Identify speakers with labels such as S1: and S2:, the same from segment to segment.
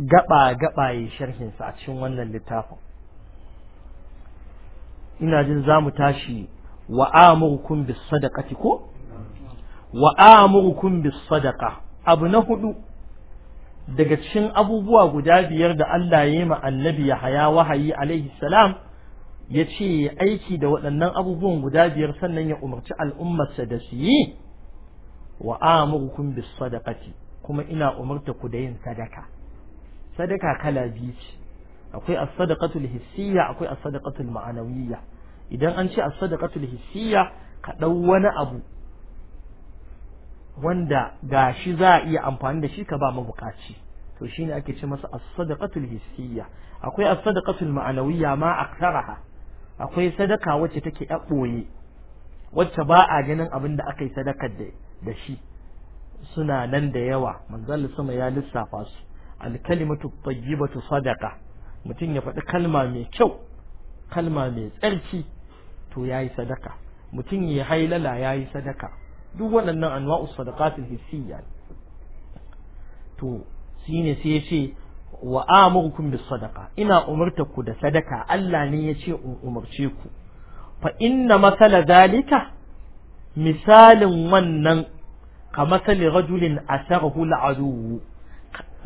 S1: gaba gaba yi sharhin sa a cikin wannan littafin ina jin za mu tashi wa amurukum bis sadaqati ko wa amurukum bis sadaqa abu na hudu daga cikin abubuwa guda biyar da Allah ya yi ma annabi Yahaya wahayi alaihi salam ya ce aiki da waɗannan abubuwan guda biyar sannan ya umarci al'ummarsa da su yi wa amurukum bis sadaqati kuma ina umarta ku da yin sadaka sadaka kala biyu ce akwai as-sadaqatul hissiyya akwai as-sadaqatul ma'anawiyya idan an ce as-sadaqatul hissiyya ka dau wani abu wanda gashi za a iya amfani da shi ka ba mabukaci to shine ake ce masa as-sadaqatul hissiyya akwai as-sadaqatul ma'anawiyya ma aktharaha akwai sadaka wacce take a ɓoye wacce ba a ganin abin da aka yi sadakar da shi suna nan da yawa Allah sama ya lissafa su alkalimatu tayyibatu sadaqa mutum ya faɗi kalma mai kyau kalma mai tsarki to yayi sadaka mutum ya hailala yayi sadaka duk waɗannan anwa'u sadaqatul hissiyya to shine sai ya ce wa amurukum bis sadaqa ina umurtaku da sadaka Allah ne ya ce in umarce ku fa inna masala zalika misalin wannan ka masali rajulin asarahu al'adu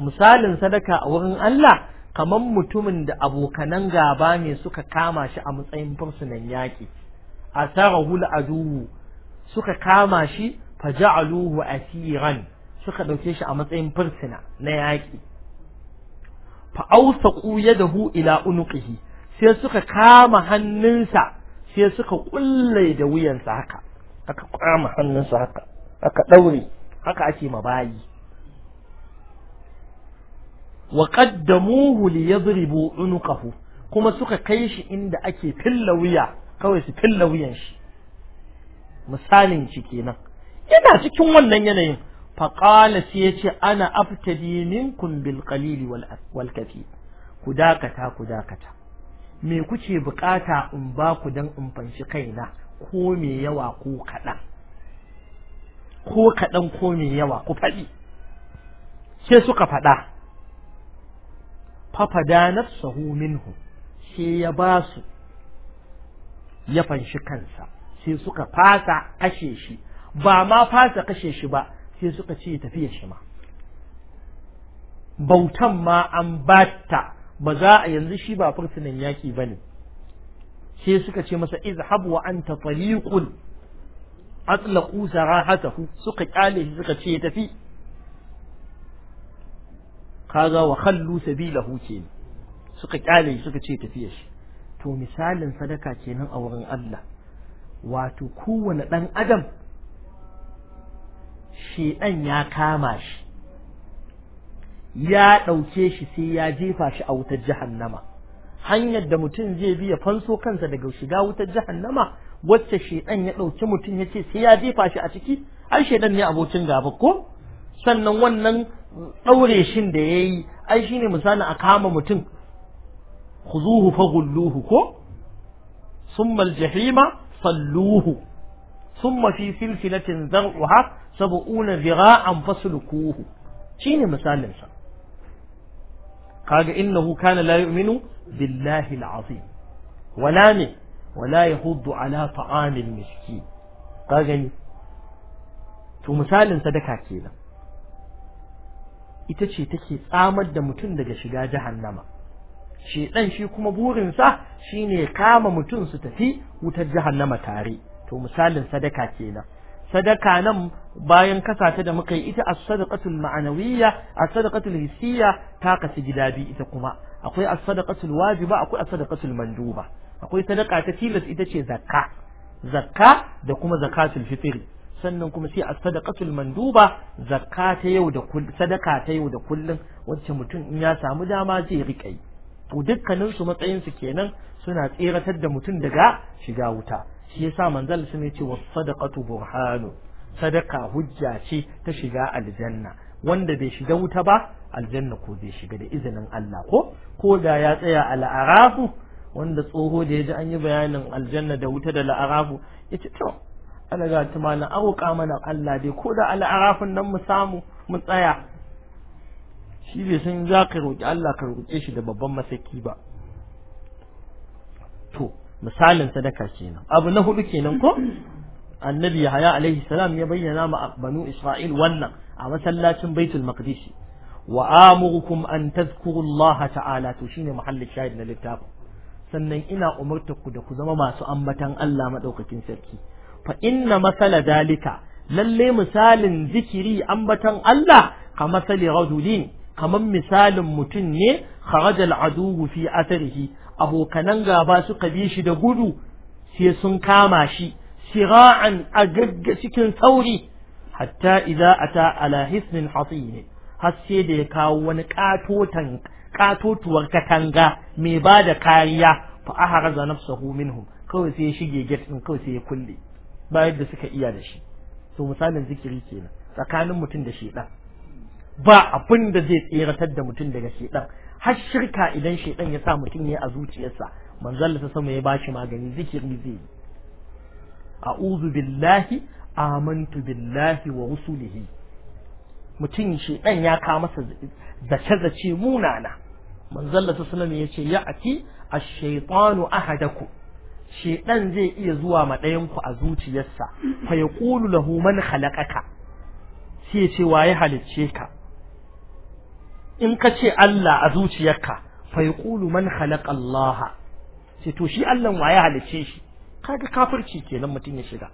S1: misalin sadaka a wurin Allah kamar mutumin da abokanan gaba ne suka kama shi a matsayin fursunan yaƙi a hula aduwu suka kama shi faja'aluhu asiran suka ɗauke shi a matsayin fursuna na yaƙi Fa'ausa ƙuya da ila unuƙihi sai suka kama hannunsa sai suka ƙulle da wuyansa haka aka kama hannunsa haka aka ɗaure haka ake mabayi wa qaddamuhu li yadribu unuqahu kuma suka kai shi inda ake filla wuya kawai su filla wuyan shi misalin shi kenan yana cikin wannan yanayin faƙala sai ya ce ana aftadi minkum bil qalili wal kafi ku dakata ku dakata me kuke bukata in ba ku dan in fanshi kaina ko me yawa ko kaɗan ko kaɗan ko me yawa ku faɗi sai suka faɗa fafada nafsahu minhu sai ya ba su ya fanshi kansa sai suka fasa kashe shi ba ma fasa kashe shi ba sai suka ce tafi shi ma bautan ma an bata ba za a yanzu shi ba fursunan yaki ba ne sai suka ce masa izhab wa anta tariqun atlaqu sarahatahu suka kyale shi suka ce tafi kaga wa khallu sabilahu kenan suka kyale suka ce tafiya shi to misalin sadaka kenan a wurin Allah wato kowane dan adam dan ya kama shi ya dauke shi sai ya jefa shi a wutar jahannama hanyar da mutum zai bi ya fanso kansa daga shiga wutar jahannama wacce shedan ya dauki mutum yace sai ya jefa shi a ciki ai shedan ne abokin gaba ko sannan wannan daure shin da yayi ai shine misali a kama mutum khuzuhu faghulluhu ko summa aljahima salluhu summa fi silsilatin zar'uha sab'una dhira'an faslukuhu shine misalin sa kaga innahu kana la yu'minu billahi alazim wala ne wala yahuddu ala ta'amil miskin kaga ni to misalin kake nan ita ce take tsamar da mutum daga shiga jahannama shedan shi kuma burinsa shine kama mutum su tafi wutar jahannama tare to misalin sadaka kenan sadaka nan bayan kasa ta da muka yi ita as-sadaqatul ma'anawiyya as-sadaqatul hissiyya ta kasu gida biyu ita kuma akwai as-sadaqatul wajiba akwai as-sadaqatul manduba akwai sadaka ta tilas ita ce zakka zakka da kuma zakatul fitri sannan kuma sai a sadaqatul manduba zakka yau da sadaka ta yau da kullum wacce mutum in ya samu dama zai rike yi to dukkanin su matsayin su kenan suna tseratar da mutum daga shiga wuta shi yasa manzal sun ce was sadaqatu burhanu sadaka hujja ce ta shiga aljanna wanda bai shiga wuta ba aljanna ko zai shiga da izinin Allah ko ko da ya tsaya al'arafu wanda tsoho da ya ji an yi bayanin aljanna da wuta da la'arafu ya ce to ana ga tumanin aroƙa mana Allah dai ko da al'arafin nan mu samu mu tsaya shi bai san za ka roƙi Allah ka roƙe shi da babban masaki ba to misalin sadaka kenan abu na hudu kenan ko annabi yahaya alaihi salam ya bayyana ma banu isra'il wannan a masallacin baitul maqdis wa amurukum an tadhkuru Allah ta'ala to shine muhallin shahid na littafin sannan ina umartar ku da ku zama masu ambatan Allah madaukakin sarki fa inna masala dalika lalle misalin zikiri ambatan Allah ka masali rajulin kaman misalin mutum ne kharajal aduhu fi atharihi abokanan gaba suka bi shi da gudu sai sun kama shi sira'an a gagga cikin sauri hatta idza ata ala hisnin hasin har sai da ya kawo wani katotan katotuwar katanga mai ba da kariya fa aharaza nafsahu minhum kawai sai ya shige gate din kawai sai ya kulle ba yadda suka iya da shi to misalin zikiri kenan tsakanin mutum da shedan ba abin da zai tseratar da mutum daga shedan har shirka idan shedan ya sa mutum ya a zuciyarsa manzon ta sama ya bashi magani zikiri zai yi a'udhu billahi amantu billahi wa rusulihi mutum shedan ya ka masa zace zace munana manzon ta sama ya ce ya'ti ash-shaytanu ahadakum shedan zai iya zuwa ma ɗayan ku a zuciyarsa fa yaqulu lahu man khalaqaka sai ya ce waye halicce ka in ka ce Allah a zuciyarka fa yaqulu man khalaqa Allah sai to shi Allah waye halicce shi kaga kafirci kenan mutum ya shiga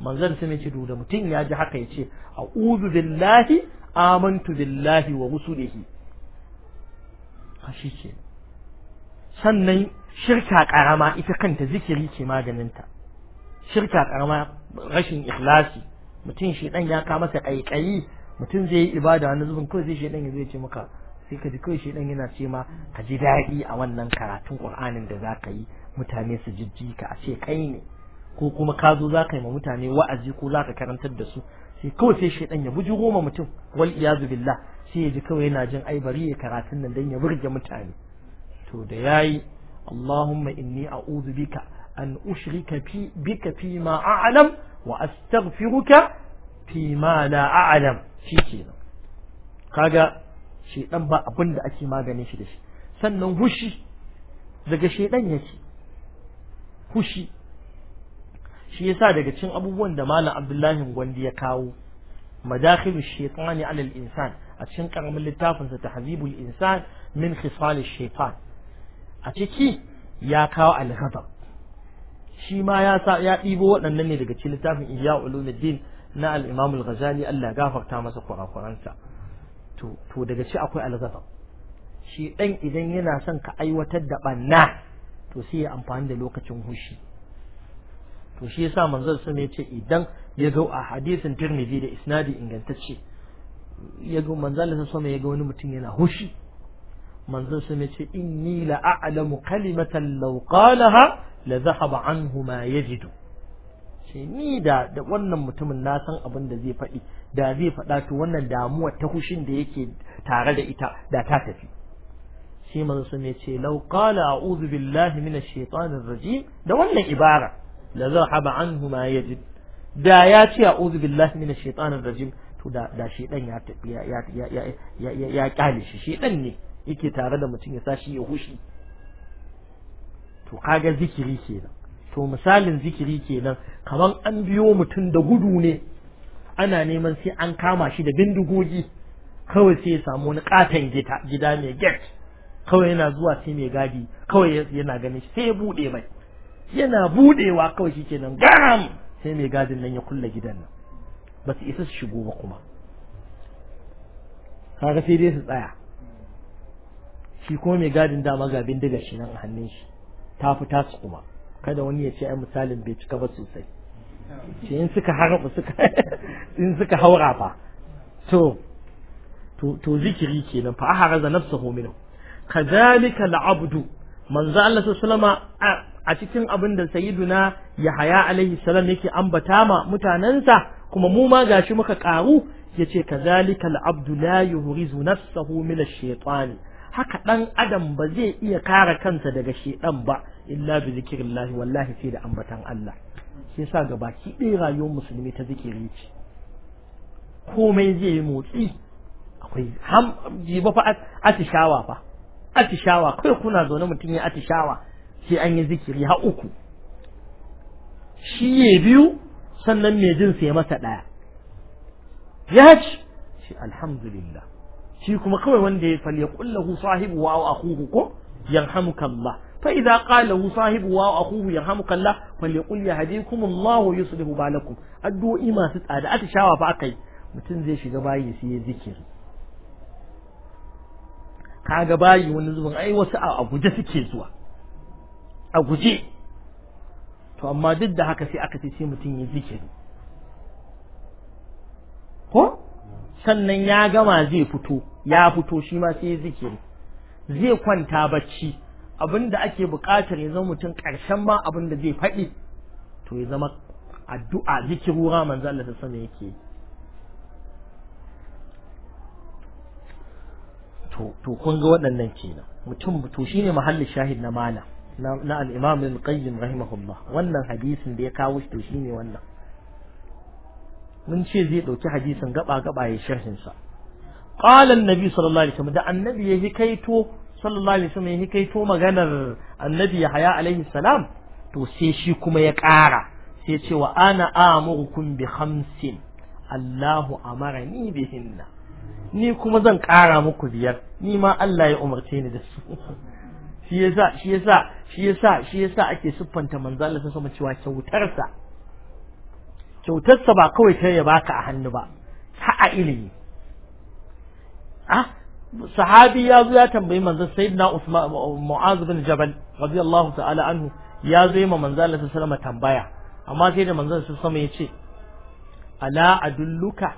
S1: manzon sai ce da mutum ya ji haka yace a'udhu billahi amantu billahi wa a shi kenan sannan shirka karama ita kanta zikiri ke maganinta shirka karama rashin ikhlasi mutum shi dan ya ka masa kaikayi mutum zai yi ibada wani zubin kawai sai shi dan zai ce maka sai ka ji kawai shi dan yana ce ma ka ji daɗi a wannan karatun Qur'anin da zaka yi mutane su jijji ka a ce kai ne ko kuma ka zo zaka yi ma mutane wa'azi ko zaka karantar da su sai kawai sai shi dan ya buji goma mutum wal iyazu billah sai ya ji kawai yana jin ai ya karatun nan dan ya burge mutane to da yayi Allahumma inni a'udhu bika an ushrika fi bika fi ma a'lam wa astaghfiruka fi ma la a'lam shikenan kaga shedan ba abin da ake maganin shi da shi sannan hushi daga shedan yake hushi shi yasa daga cikin abubuwan da malam Abdullahi Gwandi ya kawo madakhilu shaytani 'ala al-insan a cikin karamin littafin sa tahzibul insan min khisal ash-shaytan a ciki ya kawo al shi ma ya sa ya ɗibo waɗannan ne daga cikin littafin Ihya Ulumuddin na al-Imam al-Ghazali Allah ya gafarta masa kurakuransa to to daga ci akwai al-ghadab shi dan idan yana son ka aiwatar da banna to sai ya amfani da lokacin hushi to shi yasa manzon sun ya ce idan ya zo a hadisin Tirmidhi da isnadi ingantacce ya ga manzon sun ya ga wani mutum yana hushi manzon su ce inni la a'lamu kalimatan law qalaha la zahaba anhu ma yajidu ce ni da da wannan mutumin na san abin da zai faɗi da zai faɗa to wannan damuwa ta hushin da yake tare da ita da ta tafi shi manzon su ce law qala a'udhu billahi minash shaitanir rajim da wannan ibara la zahaba anhu ma yajid da ya ce a'udhu billahi minash shaitanir rajim to da da shedan ya ya ya ya ya shi shedan ne yake tare da mutum ya sashi ya hushi to kaga zikiri kenan to misalin zikiri kenan kaman an biyo mutum da gudu ne ana neman sai an kama shi da bindigogi kawai sai ya samu wani katon gida mai get kawai yana zuwa sai mai gadi kawai yana ganin shi sai ya bude mai yana budewa kawai shi kenan gam sai mai gadin nan ya kulle gidan nan ba su isa su shigo ba kuma kaga sai dai su tsaya shi kuma mai gadin dama ga bindiga shi nan a hannun shi ta fita su kuma kada wani ya ce ai misalin bai cika ba sosai shi in suka harba suka in suka haura fa to to zikiri kenan fa aharaza nafsahu minhu kadhalika al-abdu manzo Allah sallama a cikin abin da sayyiduna Yahaya alaihi salam yake ambata ma mutanansa kuma mu ma gashi muka karu yace kadhalika al-abdu la yuhrizu min ash-shaytan haka ɗan adam ba zai iya kare kansa daga shedan ba illa bi zikrillah wallahi sai da ambatan Allah sai ga baki ɗaya rayuwar musulmi ta zikiri ce komai zai yi motsi akwai ham jiba fa atishawa fa atishawa kai kuna zaune mutum ya atishawa sai an yi zikiri ha uku shi ya biyu sannan mai jin sai masa ɗaya ya ci alhamdulillah shi kuma kawai wanda ya fal yaqullahu sahibu wa akhuhu ko yarhamukallah fa idza qala hu sahibu wa akhuhu yarhamuka Allah falyaqul yahdikum Allah yuslihu balakum addu'o'i masu tsada atishawa fa akai mutum zai shiga bayi sai ya zikiri kaga bayi wani zuwan ai wasu a guje suke zuwa a guje to amma duk da haka sai aka ce sai mutum ya zikiri ko sannan ya gama zai fito ya fito shi ma sai zikiri zai kwanta bacci da ake bukatar ya zama mutum ƙarshen ma da zai faɗi to ya zama addu'a zikiru ga manzo Allah ta sama yake to to kun ga waɗannan kenan mutum to shine mahallin shahid na mala na al-imam al-qayyim rahimahullah wannan hadisin da ya kawo shi to shine wannan mun ce zai ɗauki hadisin gaba gaba ya sharhin sa qala annabi sallallahu alaihi wasallam da annabi ya hikaito sallallahu alaihi wasallam ya hikaito maganar annabi Yahaya alaihi salam to sai shi kuma ya ƙara sai ce wa ana amurukum bi khamsin Allahu amarani bihinna ni kuma zan ƙara muku biyar ni ma Allah ya umarce ni da su shi yasa shi yasa shi yasa shi yasa ake siffanta manzo Allah sallallahu alaihi wasallam cewa kyautarsa kyautarsa ba kawai ta ya baka a hannu ba ha ilimi ah, sahabi ya zo ya tambayi manzon sayyidina Usman Mu'az bin Jabal radiyallahu ta'ala anhu ya zo ma manzon Allah sallallahu tambaya amma sai da manzon sallallahu alaihi ya ce ala adulluka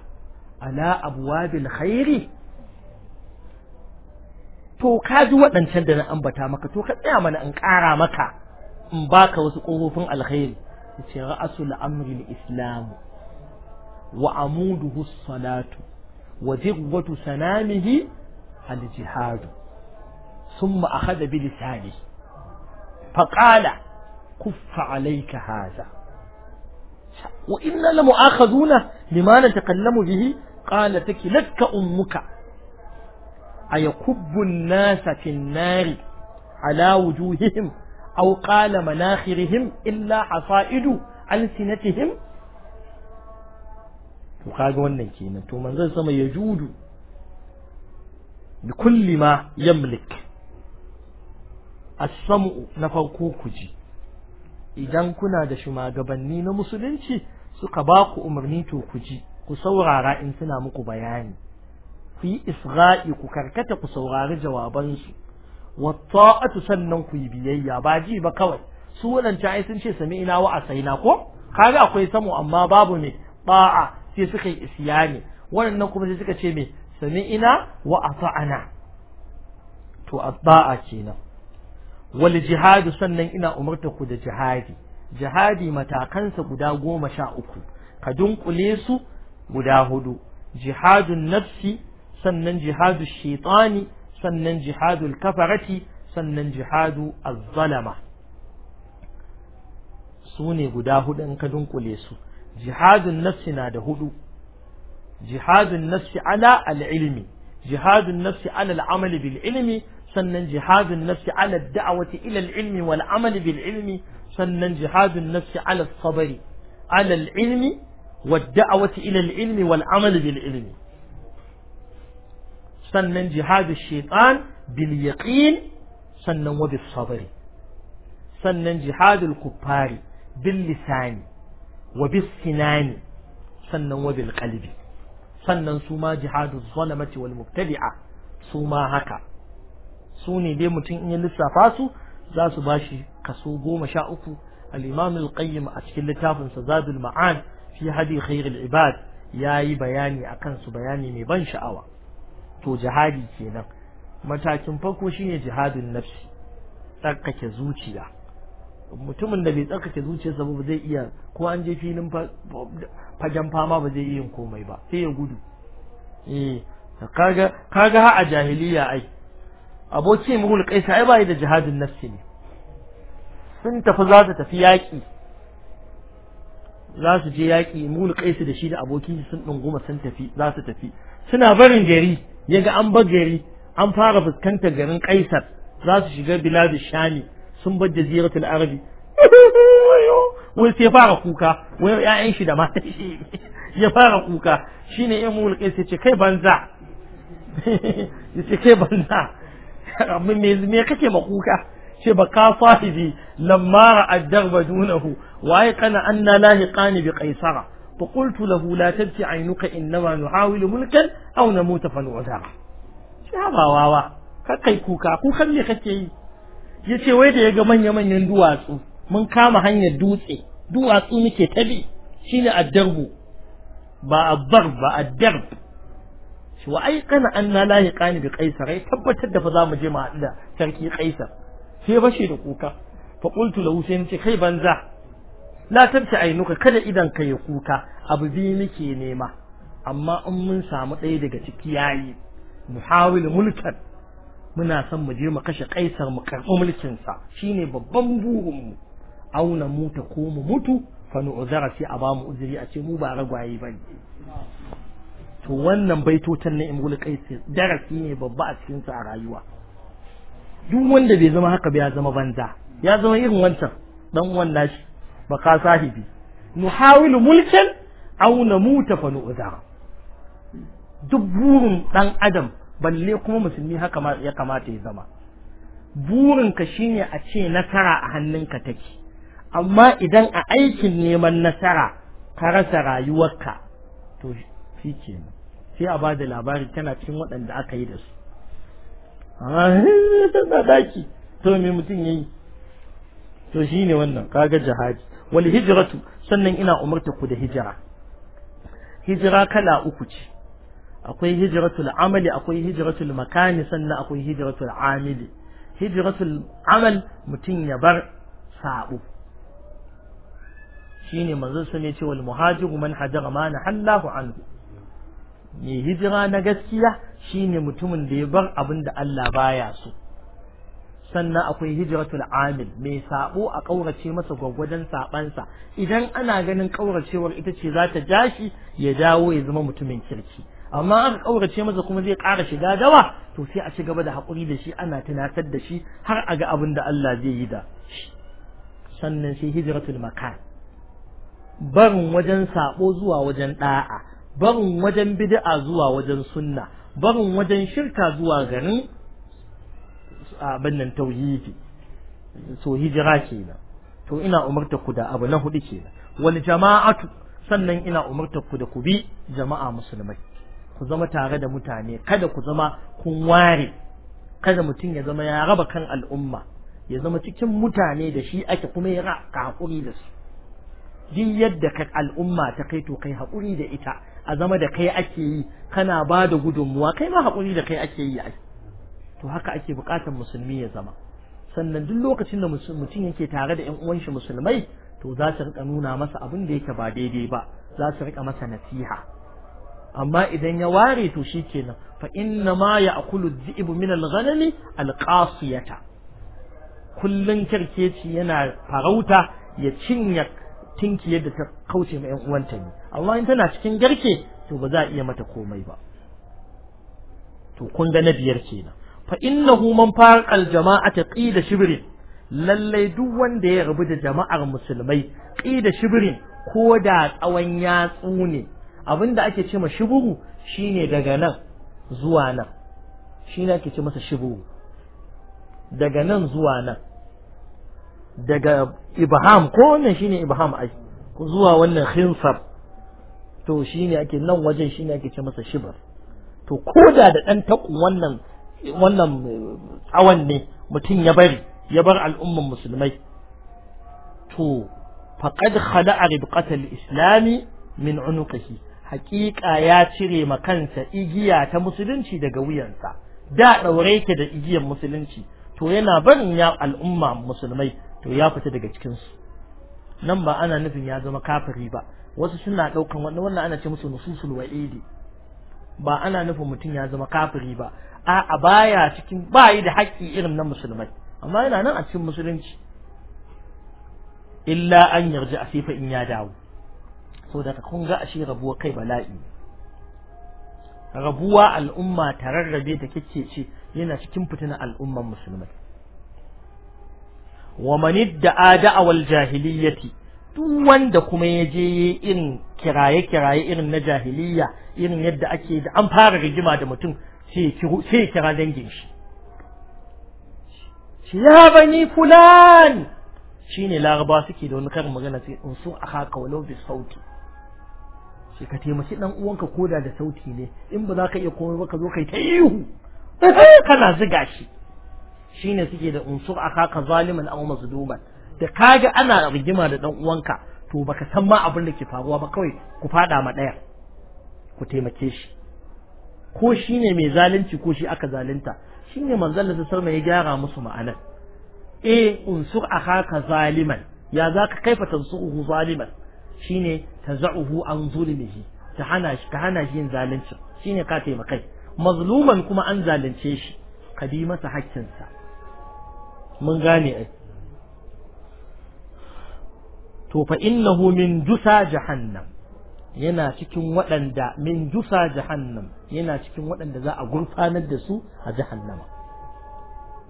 S1: ala abwabil khairi to ka ji waɗancan da na ambata maka to ka tsaya mana in ƙara maka in baka wasu ƙofofin alkhairi رأس الأمر الإسلام وعموده الصلاة وذروة سنامه الجهاد ثم أخذ بلسانه فقال كف عليك هذا وإنا لمؤاخذون لما نتكلم به قال تكلتك أمك أيكب الناس في النار على وجوههم أو قال مناخرهم illa حصائد ألسنتهم to kaga wannan kenan to manzon sama ya judu bi kulli ma yamlik na farko idan kuna da shugabanni na musulunci suka ba ku umarni to ku ji ku saurara in suna muku bayani ku yi isra'i ku karkata ku saurari jawabansu wata'atu sannan ku yi biyayya ba ji ba kawai su waɗancan ai sun ce sami ina wa na ko kaga akwai samu amma babu ne ba'a sai suka yi isyani waɗannan kuma sai suka ce me sami ina wa ata'ana to ba'a kenan wal jihadu sannan ina umarta ku da jihadi jihadi matakansa guda goma sha uku ka dunkule su guda hudu jihadun nafsi sannan jihadu shaitani sannan jihadul kafarati sannan jihadu azzalama su ne guda hudu ka dunkule su jihadun nafsi na da hudu jihadun nafsi ala al'ilmi jihadun nafsi ala amali bil ilmi sannan jihadun nafsi ala da'awati ila al'ilmi wal amali bil ilmi sannan jihadun nafsi ala sabari ala ilmi wad da'awati ila al'ilmi wal amali bil ilmi سنة جهاد الشيطان باليقين سنة وبالصبر سنة جهاد الكبار باللسان وبالسنان سنة وبالقلب سنة سوما جهاد الظلمة والمبتدعة سوما هكا سوني دي متين إن يلسى فاسو زاسو باشي كسوغو مشاوكو الإمام القيم أشكل لتاف زاد المعان في هذه خير العباد ياي بياني أكنس بياني مبان شاوكو to jihadi kenan matakin farko shine jihadin nafsi tsakake zuciya mutumin da bai tsakake zuciyarsa ba zai iya ko an je filin fagen fama ba zai iya yin komai ba sai ya gudu eh kaga kaga ha a jahiliya ai aboki muhul kaisa ai bai da jihadin nafsi ne sun tafi za su tafi yaƙi za su je yaƙi muhul kaisa da shi da abokin sun ɗunguma sun tafi za su tafi suna barin gari ya ga an bagari an fara fuskantar garin kaisar za su shiga biladu shani, sun bar jaziratul arabi wai sai fara kuka wai ƴaƴan shi da matan shi ya fara kuka shine ya mulk sai ce kai banza ce kai banza amma me me kake ma kuka ce ba ka sahibi lamma ra'ad darba dunahu waye kana anna lahiqani bi qaisara فقلت له لا تبكي عينك إنما نحاول ملكا na mota فنعذر shi haba wawa kakai kuka kukan me kake yi ya ce wai da ya ga manya-manyan duwatsu mun kama hanyar dutse duwatsu muke tabi shine addarbu ba abbar ba addarb shi wa ai kana anna la yaqani bi qaisar ai tabbatar da fa za mu je mu haɗu da sarki qaisar sai bashi da kuka fa qultu lahu kai banza la tabta ainuka kada idan ka ya kuka abu biyu muke nema amma in mun samu ɗaya daga ciki yayi muhawil mulkan muna son mu je mu kashe kaisar mu karɓi mulkin sa shine babban burin mu auna muta ko mu mutu fa nu'zara sai a bamu uzuri a ce mu ba ragwaye ba. to wannan baitotan na imul kaisar darasi ne babba a cikin sa a rayuwa duk wanda bai zama haka ba ya zama banza ya zama irin wancan dan uwan nashi baka sahibi nuhawilu mulkin aw namuta fa nu'za duk burin dan adam balle kuma musulmi haka ma ya kamata ya zama burin ka shine a ce nasara a hannunka take amma idan a aikin neman nasara ka rasa rayuwarka to shi ke sai a bada labari tana cikin waɗanda aka yi da su ta daki to me mutum ya yi to shi ne wannan kaga jihadi wal hijratu sannan ina umarta ku da hijira hijira kala uku ce akwai hijratul amali akwai hijratul makani sannan akwai hijratul amili hijratul amal mutum ya bar sabo shine manzo sun ce wal muhajiru man hajara ma nahallahu anhu mai hijira na gaskiya shine mutumin da ya bar abinda da Allah baya so sannan akwai hijratul amil mai sabo a kaurace masa gwaggwadan sabansa idan ana ganin kauracewar ita ce za ta shi ya dawo ya zama mutumin kirki amma aka kaurace masa kuma zai ƙara shiga dawa to sai a ci gaba da haƙuri da shi ana tunatar da shi har a ga abin da Allah zai yi da shi sannan sai hijratul makan barin wajen sabo zuwa wajen da'a barin wajen bid'a zuwa wajen sunna barin wajen shirka zuwa garin abin nan tauhidi so hijira kenan to ina umarta ku da abu na hudu kenan wani jama'atu sannan ina umarta ku da ku bi jama'a musulmai ku zama tare da mutane kada ku zama kun ware kada mutum ya zama ya raba kan al'umma ya zama cikin mutane da shi ake kuma ya ka hakuri da su duk yadda ka al'umma ta kai to kai hakuri da ita a zama da kai ake yi kana ba da gudunmuwa kai ma hakuri da kai ake yi ake to haka ake buƙatar musulmi ya zama sannan duk lokacin da mutum yake tare da ƴan uwan shi musulmai to za su rika nuna masa abin da yake ba daidai ba za su rika masa nasiha amma idan ya ware to shikenan fa inna ma ya'kulu dhi'bu min al-ghanami al-qasiyata kullun kirkeci yana farauta ya cinye tinki yadda ta kauce ma ƴan uwanta ne amma in tana cikin garke to ba za a iya mata komai ba to kun ga na biyar kenan fa innahu man farqa aljama'ata qida shibrin lalle duk wanda ya rabu da jama'ar musulmai qida shibrin ko da tsawon yatsu ne abinda ake ce ma shiburu shine daga nan zuwa nan shine ake ce masa shiburu daga nan zuwa nan daga ibham ko wannan shine ibham ai ku zuwa wannan khinsab to shine ake nan wajen shine ake ce masa shibar to koda da dan takun wannan wannan tsawon eh, ne mutum ya bari ya bar al'umman musulmai to faƙad khala a ribƙatar islami min unuqihi haƙiƙa ya cire ma kansa igiya ta musulunci daga wuyansa da ɗaure ke da igiyar musulunci to yana barin ya al'umma musulmai to ya fita daga cikinsu nan ba ana nufin ya zama kafiri ba wasu suna ɗaukan wannan ana ce musu nususul wa'idi ba ana nufin mutum ya zama kafiri ba a'a baya cikin bayi da haƙƙi irin na musulmai amma yana nan a cikin musulunci illa an yarji a sifa in ya dawo so daga kun ga ashe rabuwa kai bala'i rabuwa al'umma tararrabe ta kike ce yana cikin fitina al'umman musulmai wa man idda'a da'awal jahiliyyati duk wanda kuma ya je irin kiraye kiraye irin na jahiliya irin yadda ake da an fara rigima da mutum sai kira dangin shi shi ya bani fulan shi ne laraba suke da wani karin magana sai in sun a haka walau bi sauti sai ka taimaki dan uwanka koda da sauti ne in ba za ka iya komai ba ka zo kai ta ihu kana ziga shi shine suke da unsur akaka zaliman aw mazluman da kaga ana rigima da dan uwanka to baka san ma abin da ke faruwa ba kawai ku fada ma daya ku taimake shi ko shine mai zalunci ko shi aka zalunta shine manzon Allah sallallahu alaihi ya gyara musu ma'anar eh unsur akaka zaliman ya zaka kaifa tansuruhu zaliman shine taza'uhu an zulmihi ta hana shi ka hana shi yin zalunci shine ka taimakai mazluman kuma an zalunce shi ka bi masa haƙƙinsa mun gane ai to fa innahu min jusa jahannam yana cikin waɗanda min dusa jahannam yana cikin waɗanda za a gurfanar da su a jahannama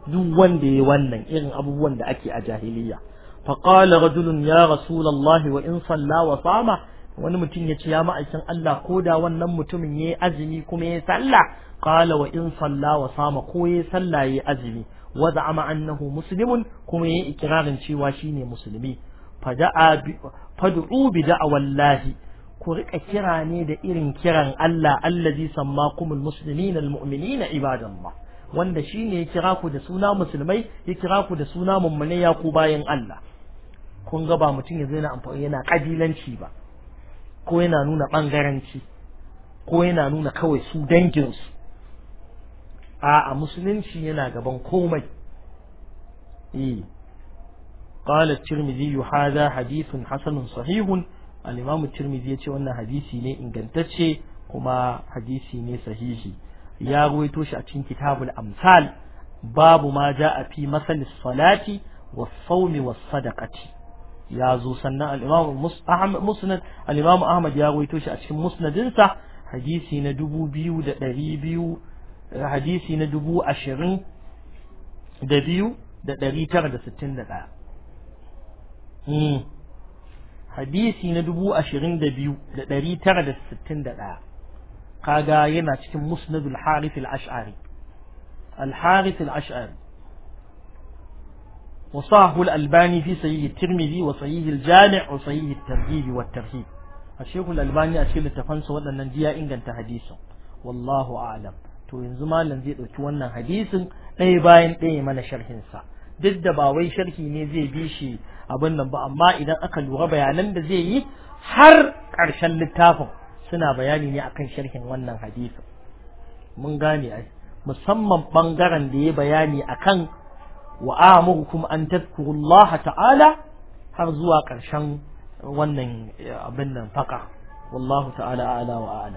S1: duk wanda ya wannan irin abubuwan da ake a jahiliya faqala rajulun ya rasulullahi wa in salla wa sama wani mutum ya ci ya ma'aikin Allah ko da wannan mutumin ya yi azumi kuma ya salla qala wa in salla wa sama ko ya salla ya azumi wa za'ama annahu muslimun kuma ya yi ikirarin cewa shine musulmi fada'a fad'u bi da'awallahi ku rika kira ne da irin kiran Allah allazi sammakumul na almu'minina ibadallah wanda shine ya kira ku da suna musulmai ya kira ku da suna mummune ya ku bayan Allah kun ga ba mutum ya yana amfani yana kabilanci ba ko yana nuna bangaranci ko yana nuna kawai su dangin su a'a musulunci yana gaban komai eh قال الترمذي هذا حديث حسن صحيح al-imam tirmidhi ya ce wannan hadisi ne ingantacce kuma hadisi ne sahihi ya ruwaito shi a cikin kitabul amsal babu ma jaa fi masalis salati was sawmi was sadaqati ya zo sannan al-imam ya ruwaito shi a cikin musnadinsa hadisi na dubu biyu da biyu hadisi na dubu ashirin da biyu da tara da sittin da hadisi na dubu ashirin da biyu da ɗari tara da sittin da ɗaya kaga yana cikin musnadul harith al-ash'ari al-harith al-ash'ari وصاحب الألباني في صحيح الترمذي وصحيح الجامع وصحيح الترهيب والترهيب الشيخ الألباني أشكل التفنس وأن نجيا إن كانت حديثا والله أعلم تو ينزما لنزيد وتوانا حديثا أي باين أي من شرح سعر duk da ba wai sharhi ne zai bi shi abin nan ba amma idan aka lura bayanan da zai yi har ƙarshen littafin suna bayani ne akan sharhin wannan hadisi mun gane ai musamman bangaren da ya bayani akan wa amurukum an tadhkurullaha ta'ala har zuwa ƙarshen wannan eh, abin nan faka wallahu ta'ala a'la wa